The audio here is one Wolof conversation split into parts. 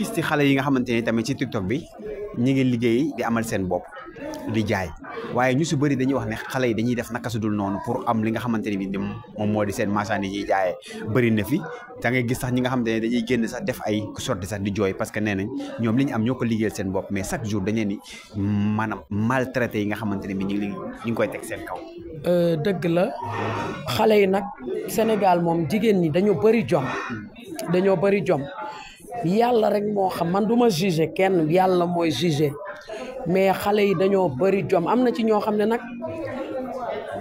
gis ci xale yi nga xamante ni tamit ci TikTok bi ñi ngi liggéey di amal seen bopp di jaay waaye ñu si bëri dañuy wax ne xale yi dañuy def naka su dul noonu pour am li nga xamante bi da ngay gis sax ñi nga xamante ne dañuy génn sax que nee nañ ñoom li ñu am ñoo ko liggéeyal seen bopp mais yi nga xamante ne bi ñu ngi ñu ngi koy teg seen kaw. Euh, dëgg la xale yi nag Sénégal moom jigéen ñi dañoo bëri jom hmm. dañoo bëri jom. yàlla rek moo xam man du ma kenn yàlla mooy jugé mais xale yi dañoo bëri jom am na ci ñoo xam ne nag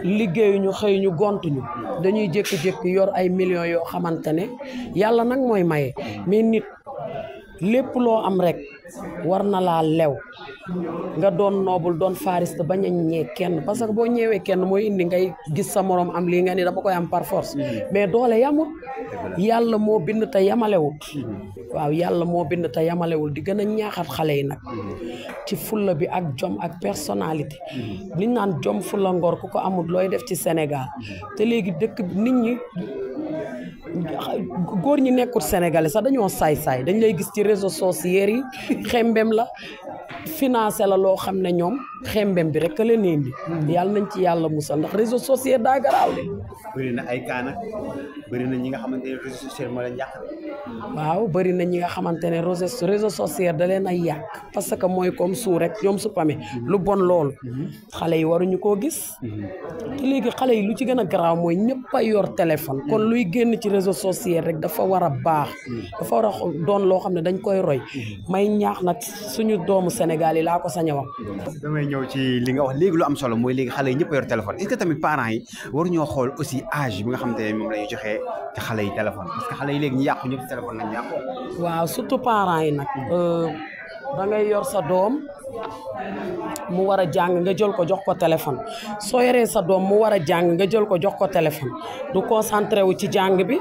liggéeyuñu xëy ñu gontuñu dañuy jékki-jékki yor ay millions yoo xamante ne yàlla nag mooy maye mais nit lépp loo am rek. war na laa lew nga doon noobul doon fariste ba a ñee kenn parce que boo ñëwee kenn mooy indi ngay gis sa moroom am lii nga ni dama koy am par force mm-hmm. mais doole yamul yàlla moo bind te yamalewul mm-hmm. waaw yàlla moo bind te yamalewul di gën a ñaaxat xale yi nag mm-hmm. ci fulla bi ak jom ak personnalité li naan jom fulla ngor ku ko amul looy def ci Sénégal te léegi dëkk nit ñi góor ñi nekkul sénégalais sax dañoo saay-saay dañ lay gis ci réseaux sociaux yi xembem la finance la loo xam ne ñoom xembem bi rek a leen indi. yàlla nañ ci yàlla musal ndax réseaux sociaux daa garaaw de. na ay kaan bëri na ñi nga xamante ne réseaux sociaux moo leen waaw bëri na ñi nga xamante ne réseaux sociaux da leen ay yàq. parce que mooy comme suu rek ñoom su pame lu bon loolu. xale yi waruñu koo gis. te léegi xale yi lu ci gën a garaaw mooy ñëpp a yor téléphone. kon luy génn ci réseaux sociaux rek dafa war a baax. dafa war doon loo xam ne dañ koy roy. may ñaax nag suñu doomu Sénégal yi laa ko sañ a wax. damay ñëw ci li wax léegi lu am solo mooy léegi xale yi ñëpp yor téléphone est-ce que tamit parents yi waruñoo xool aussi âge bi nga xam te moom la ñu joxee xale yi téléphone xale yi léegi ñu yàqu ñëpp ci téléphone lañ yàqu. waaw surtout parents yi nag. Euh, da ngay yor sa doom mu war a jàng nga jël ko jox ko téléphone soo yoree sa doom mu war a jàng nga jël ko jox ko téléphone du concentré wu ci jàng bi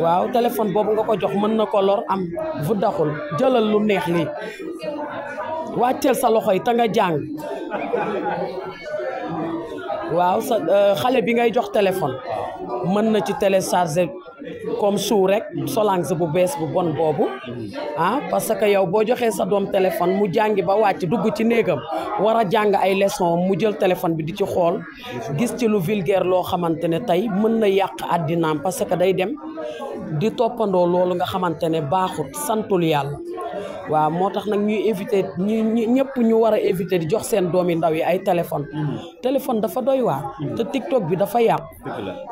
waaw téléphone boobu nga ko jox mën na ko lor am bu daxul jëlal lu neex lii wàcceel sa loxo yi te nga jàng waaw sa euh, xale bi ngay jox téléphone mën na ci télécharger comme suu rek solange bu bees bu bon boobu ah parce que yow boo joxee sa doom téléphone mu jàngi ba wàcc dugg ci néegam war a jàng ay leçon mu jël téléphone bi di ci xool gis ci lu vulgaire loo xamante ne tey mën na yàq àddinaam parce que day dem di toppandoo loolu nga xamante ne baaxut santul yàlla waaw moo tax nag ñuy éviter ñu ñëpp ñu war a éviter di jox seen doom doomi ndaw yi ay téléphone mm-hmm. téléphone dafa doy waar mm-hmm. te TikTok bi dafa yàqu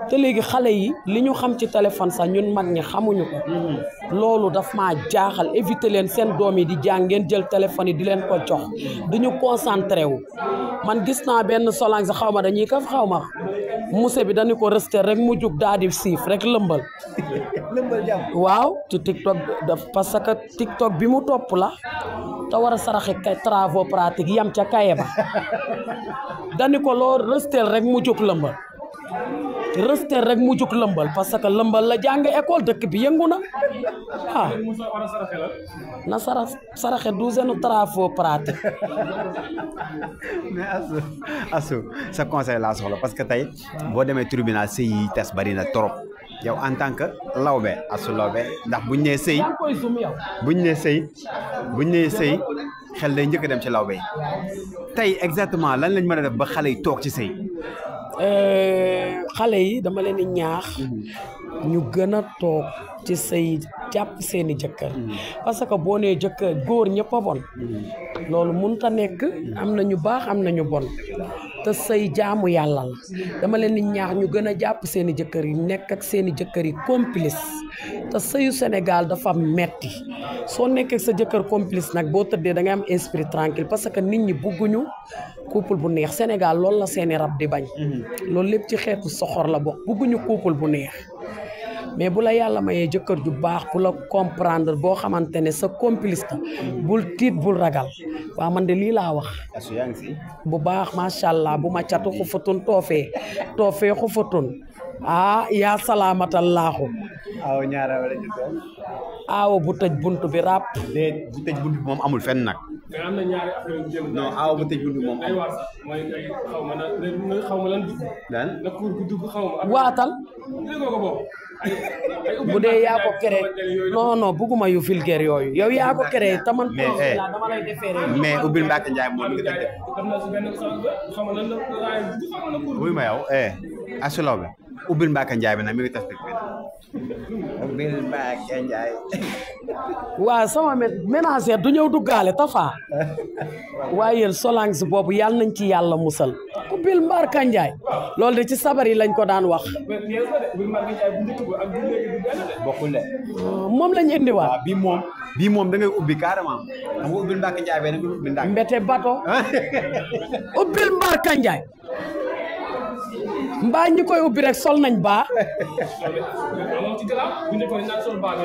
te léegi xale yi li ñu xam ci téléphone sax ñun mag ñi xamuñu ko mm-hmm. loolu daf ma jaaxal éviter leen seen doom yi di jàngeen jël téléphone yi di leen ko jox duñu concentré wu man gis naa benn solange xaw ma dañuy ka xawma muse bi dañu ko rester rek mu jug daa siif rek lëmbal waaw ci tiktok parce que tiktok bi mu topp la te war a saraxe kay travaux pratiques yam ca kaye ba dañu ko loo rester rek mu jug lëmbal rëster rek mu jóg lëmbal parce que lëmbal la jàng école dëkk bi yëngu na ah na sara saraxe douzaine travaux pratiques mais asu sa conseil laa soxla parce que tey boo demee tribunal sëy tes tas bari na trop yow en tant que lawbe asu lawbe ndax buñ nee sëy buñ nee sëy buñ nee sëy xel day njëkk dem ci lawbe yi tey exactement lan lañ mën a def ba xale yi toog ci sëy Euh, xale yi dama leen di ñaax mhm. ñu gën a toog ci sëy jàpp seeni jëkkër mhm. parce que boo nee jëkkër góor ñëpp a bon mhm. loolu mun ta nekk am na ñu baax am na ñu bon te sëy jaamu yàlla la dama leen di ñaax ñu gën a jàpp seeni i jëkkër yi nekk ak seen i jëkkër yi complice te sëyu Sénégal dafa metti soo nekk ak sa jëkkër complice nag boo tëddee da ngay am esprit tranquille parce que nit ñi bugguñu couple bu neex Sénégal loolu la seeni rab di bañ mm-hmm. loolu lépp ci xeetu soxor la bokk bugguñu couple bu neex mais bu la yàlla mayee jëkkër ju baax bu la comprendre boo xamante ne sa complice ka bul tiit bul ragal waaw man de lii laa wax bu baax macha allah bu ma catu xufatun toofee toofee xufatun ah yaa salaamatallaahu aaw ñaara bu tëj bunt bi ràpp déet nag waatal. bu dee yaa ko créé non non bugguma yu vulgaire yooyu yow yaa ko créé taman eh, mais mais ubbil Mbacke Ndiaye moom ngi def def. ubbil ma yow eh asuloo bi ubin ba kan jaay ba nag mi tas dëkk ubin ba kan jaay waaw sama ménagère du ñëw duggaale tafa waaye yéen solange boobu yàlla nañ ci yàlla musal Ubil mbaar kanjaay loolu de ci sabar yi lañ ko daan wax Mom de moom lañ indi waat bi mom bi mom da ngay ubbi carrément xam nga ubbil mbaar kanjaay be nag ubbil mbaar mbaa ñi koy ubbi rek sol nañ baa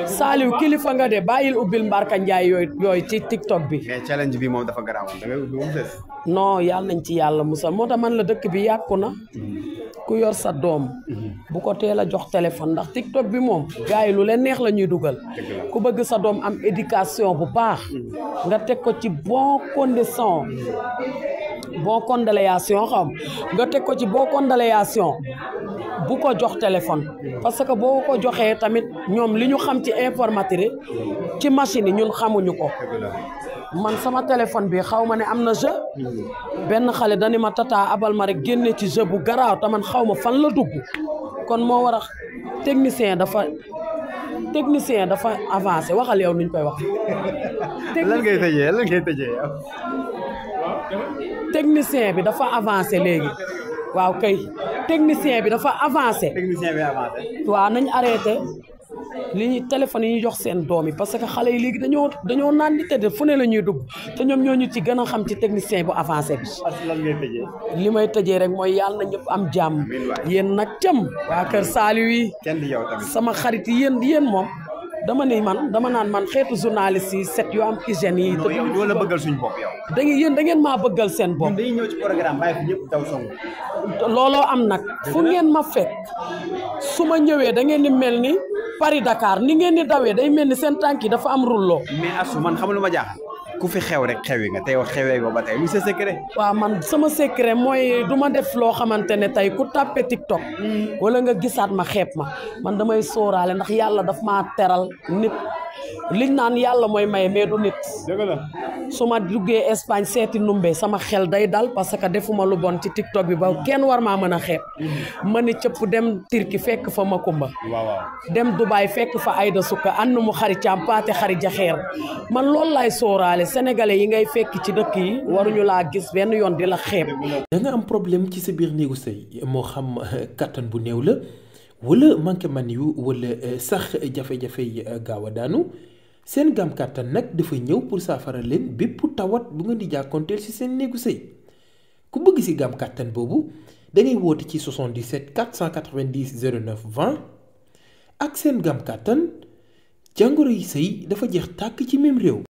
saaliw kilifa nga de bàyyil ubbil mbarka njaay yooyu ci tiktok bi mais bi moom da ngay ubbi yàlla nañ ci yàlla musal moo tax man la dëkk bi yàqu na mhm. ku yor sa doom mhm. bu ko teel a jox téléphone ndax tiktok bi moom gars yi lu leen neex la ñuy dugal ku bëgg sa doom am éducation bu baax mhm. nga teg ko ci bon condition boo bon condoléation xam nga teg ko ci bon condoléation bu ko jox téléphone parce que boo ko joxee tamit ñoom li ñu xam ci informatique ci machine yi ñun xamuñu ko man sama téléphone bi xaw ma ne am na jeu benn xale dani ma tata abal ma rek génne ci jeu bu garaaw te man xaw ma fan la dugg kon moo war a technicien dafa technicien dafa avancé waxal yow nuñ koy wax. lan ngay tëjee lan ngay tëjee technicien bi dafa avancé léegi waaw kay technicien bi dafa avancé. technicien bi avancé. waaw nañ arrêté li ñuy téléphone yi ñu jox seen doom yi parce que xale yi léegi dañoo dañoo naan di tëdd fu ne la ñuy dugg te ñoom ñoo ñu ci gën a xam ci technicien bu avancer bi. li may tëjee rek mooy yàlla na ñëpp am jàmm. yéen nag tam. waa Kër Saliou yi. sama xarit yéen yéen moom. dama ni man dama naan man xeetu journaliste yi set yu am hygiène yi. te yow ñoo la bëggal suñu bopp yow. da ngeen yéen da ngeen maa bëggal seen bopp. dañuy ñëw ci programme bàyyi ko ñëpp looloo am nag. fu ngeen ma fekk su ma ñëwee da ngeen di mel ni Paris Dakar ni ngeen di dawee day mel ni seen tànk yi dafa am rouleau. mais asu man xam lu ma jaaxal. ku fi xew rek xewi nga tey wax xewee nga ba tey lu sa secret. waaw man sama secret mooy du ma def loo xamante ne tey ku tàppe TikTok. wala nga gisaat ma xeeb ma man damay sóoraale ndax yàlla daf ma teral nit liñ naan yàlla mooy maye mais du nit. su ma duggee Espagne seeti numbe sama xel day dal parce que defuma lu bon ci TikTok bi ba kenn war maa mën a xeeb ma ni cëpp dem Turquie fekk fa ma Makumba dem Dubaï fekk fa Aïda Souka ànd mu xari caam paate xari jaxeer man loolu laay sooraale sénégalais yi ngay fekk ci dëkk yi waruñu laa gis benn yoon di la xeeb danga am problème ci sa biir néegu sëy moo xam euh, kattan bu néew la wala manqué man yu wala euh, sax jafe-jafe yi euh, gaaw a daanu seen gam kàttan nag dafa ñëw pour saafara leen bépp tawat bu ngeen di jàkkoonteel ci seen néegu sëy ku bëgg ci gam kàttan boobu da ngay woote ci 77 490 09 20 ak seen gam kàttan jàngoro yi sëy dafa jeex tàkk ci même réew.